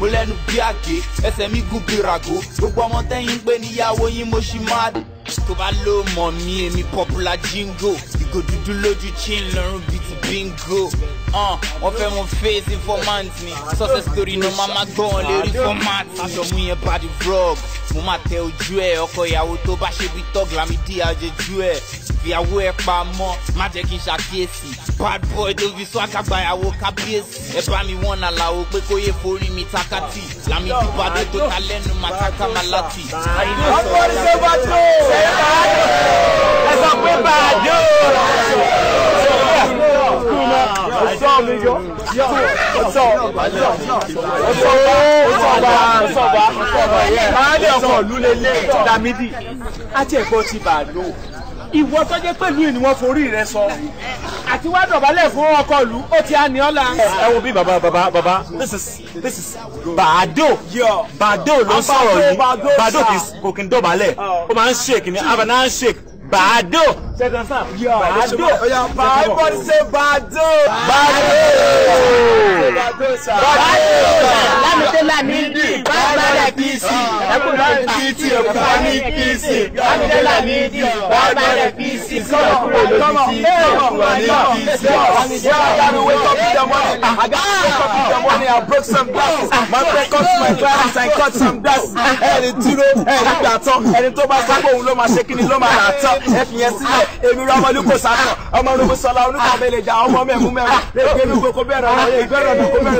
mo lẹ́nu bí àgé ẹsẹ̀ mi gùn bí ràgó gbogbo ọmọ tẹ́yìn ń pè níyàwó yín mo ṣì máa dé tó bá ló mọ̀ mí èmi popular jingo ìgò dúdú lójú chin lọ́rùn bíi ti bingo wọ́n fẹ́ wọn face informant mi success story náà máa máa gbọ́ wọn lérí format mi àṣọmú yẹn bá di vlog mo máa tẹ ojú ẹ ọkọ ìyàwó tó bá ṣe bí tọ́gìlámídìí àjẹjú ẹ fìyàwó ẹ pa mọ́ má jẹ́ kí n ṣàkíyèsí bad boy tó fi sún àkàgbàyàwó kábíyèsí ẹ bá mi wọ́n àlàó pé kó yẹ forí mi takati làmì bíbá tó tó ta lẹ́nu màtàkà màláti. ọkọ ní ṣe bá tó ẹ sọ pé bá a jó máa ní ọkọ̀ lulẹ̀ lẹ́yìn Dámídì á tiẹ̀ gbọ́ ti bàálù ìwọ tó jẹ́ pẹ̀lú ìní wọn forí rẹ sọ àti wá dọ̀bálẹ̀ fún ọkọ ìlú ó ti á ní ọ́la. ẹ wo bí baba baba baba this is this is bàdó bàdó ló ń sọ̀rọ̀ yìí bàdó kò kí n dọ̀bálẹ̀ ó máa ń shake ni abana ń shake bàdó. ṣẹ́gun sáà bàdó. bàbá ṣe bàdó. bàdó. bàdó. bàdó. lámìdé lámìdé apc ẹkùnrin pt òkúta ní pc bámidélà ní ìdí bàbá rẹ pc sọ̀rọ̀ kúrò lórí ti ìjọba ní pc. wake up in the morning i got wake up in the morning i broke some glasses my friend ẹni dúró ẹni gbà ẹni tó bá sápò òun ló máa ṣe kíni ló máa rà tán ẹ fi yẹn sílẹ̀ èmi rọ ọmọlú kò ọmọ ológun sọlá olúkọ abẹlẹjà ọmọ mẹmú mẹmú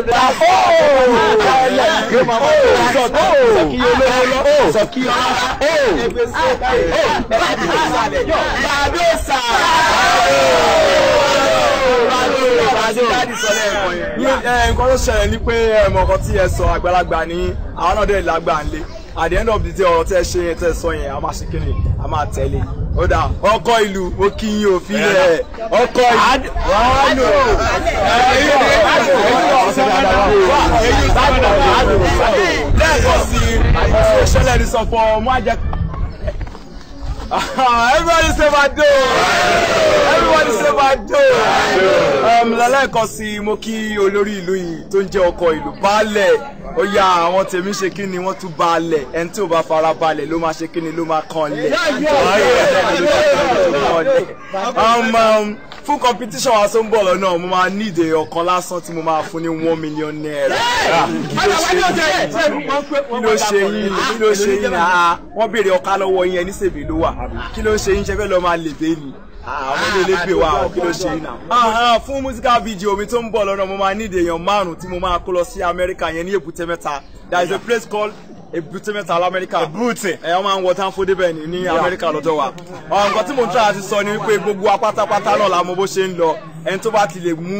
lè ó máa bá tó sọ kí olówó lọ sọ kí ọlá ẹgbẹ́ sí ọ̀gá yìí ẹgbẹ́ sí ọ̀gá yìí bàbá òsà nǹkan tó ṣẹlẹ̀ ni pé ẹ̀mọ̀kan tí ẹ sọ àgbàlagbà ní àwọn náà dẹ̀ lágbà ń lé at the end of the day ọ̀rọ̀ tí ẹ ṣe tẹ́ sọ yẹn a máa ṣe kíni a máa tẹ̀lé ó dà ọkọ ìlú ó kí yín òfin rẹ̀ ọkọ ìlú wàá nù. lẹ ní sọ fọ ah, everybody say Badoo everybody say Badoo um, lẹ́lẹ́kan sí i mo kí olórí ìlú yìí tó ń jẹ́ ọkọ ìlú baálẹ̀ ó yá àwọn tèmi ṣe kí ni wọ́n tún baálẹ̀ ẹni tí ò bá fara balẹ̀ ló máa ṣe kí ni fún competition wa tó ń bọ̀ lọ́nà mo máa ní ìdè ọ̀kan lásán tí mo máa fún ní one million naira. kí ló ṣe yín kí ló ah, ṣe yín náà wọ́n béèrè ọ̀ka lọ́wọ́ yín ẹni ṣèbí ló wà kí ló ṣe yín ṣe fẹ́ lọ́ọ́ máa lè bẹ́ẹ̀ ni ah, àwọn ilé ilébè wa kí ló ṣe yín náà. fún musical video mi tó ń bọ̀ lọ́nà mo máa ní ìdè èèyàn márùn-ún tí mo máa kó lọ sí Amẹ́ríkà yẹn ní Èbúté Mẹ́ta there is a place called èbúté mẹ́ta lamẹ́ríkà èbúté ẹ ọmọ àwọn wọtán fún débẹ̀ ní amẹ́ríkà lọ́dọ̀ wa nǹkan tí mo ń tọ́ àti sọ ni wípé gbogbo apátápátá náà la mọ̀ bó ṣe ń lọ ẹni tó bá ti lè mú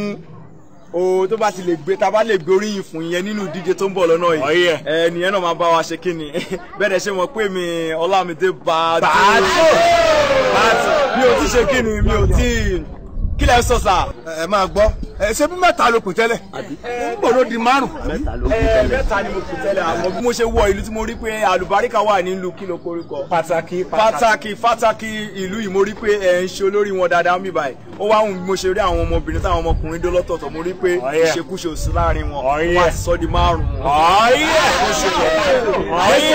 o tó bá ti lè gbé ta bá lè gbé oríyìn fún yẹn nínú ìdíje tó ń bọ̀ lọ́nà yìí oh, ẹnìyẹn náà máa bá wa ṣe kí ni bẹ́ẹ̀ dẹ̀ ṣe mọ̀ pé mi ọlámídé bàtò bàtò mi ò ti ṣe kí ni mi ò ti kí lẹ́ sọ sà. ẹ máa gbọ́ ṣe bí mẹ́ta ló kù tẹ́lẹ̀ n bò ló di márùn. mẹ́ta ni mo kù tẹ́lẹ̀ àmọ́ bí mo ṣe wọ ìlú tí mo rí pé àlùbáríkà wà nílùú kí ló korúkọ. pàtàkì pàtàkì pàtàkì ìlú yìí mo rí pé ẹ ń ṣe olórí wọn dáadáa ń bì báyìí ó wá hùn mo ṣe rí àwọn ọmọbìnrin táwọn ọmọkùnrin dó lọ́tọ̀ọ̀tọ̀ mo rí pé oh, ìṣekúṣe òsì láàrin wọn oh, wọ́n ti sọ di márùn. ọ̀ọ́yẹ̀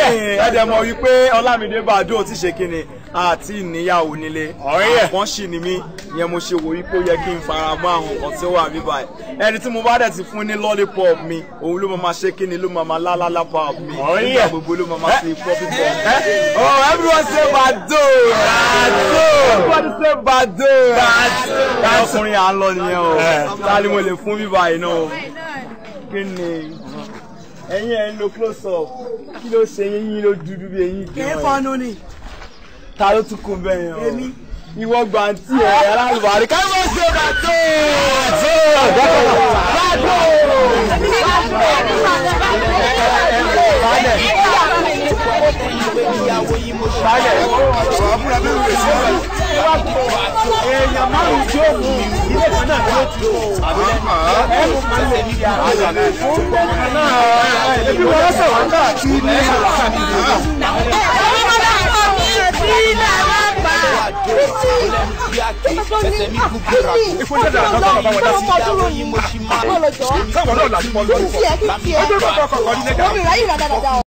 ẹ̀ẹ́dẹ̀ mọ̀ wípé Ọlámídé Bàdó ti ṣe kíni àti ìníyàwó nílé àkàn ni mí yẹn mo ṣe wò wí pé yẹ kí n fara mọ́ àwọn nǹkan tí ó wà mí báyìí ẹni tí mo bá dẹ̀ ti fún ní lollipop mi òun ló máa ṣe kí ni ló máa lálálá pa mi nígbà gbogbo ló máa ṣe pọ́pì pọ́. oh everyone say bado bado everybody say bado bado ọkùnrin à ń lọ nìyẹn o ta mo lè fún bíbá yìí náà kí ni ẹ̀yin ẹ̀ ń lo close up kí ló ṣe yín yín ló dúdú bí eyín kí wọ́n yìí. kí ẹ fọnú ni ta ló tún kún bẹ́ẹ̀ yẹn o ìwọ gbàǹtì ẹ̀ alábàárí ká ló ṣe bàtò bàtò bàtò èèyàn márùn tí ó mú ilé kan náà ló tó ẹnu máa ń lè ní ìyá rẹ fún bẹ́ẹ̀ náà ẹbí wọn lọ́sẹ̀ wọn káàkiri ní ìlú àti ìlú náà. olè ń bí àké ẹsẹ̀ mi kú gbéra kú. ìfúnjẹ́ dàrá lọ́kọ̀ bàbá wọn dási. ọmọ dúró yìí mo ṣì máa. sáwọn náà làjú mọ́ lọ́kọ̀. kí tiẹ̀ kí tiẹ̀. ó dé kọ̀ọ̀kan kọ̀ọ̀kan ní lẹ́jà.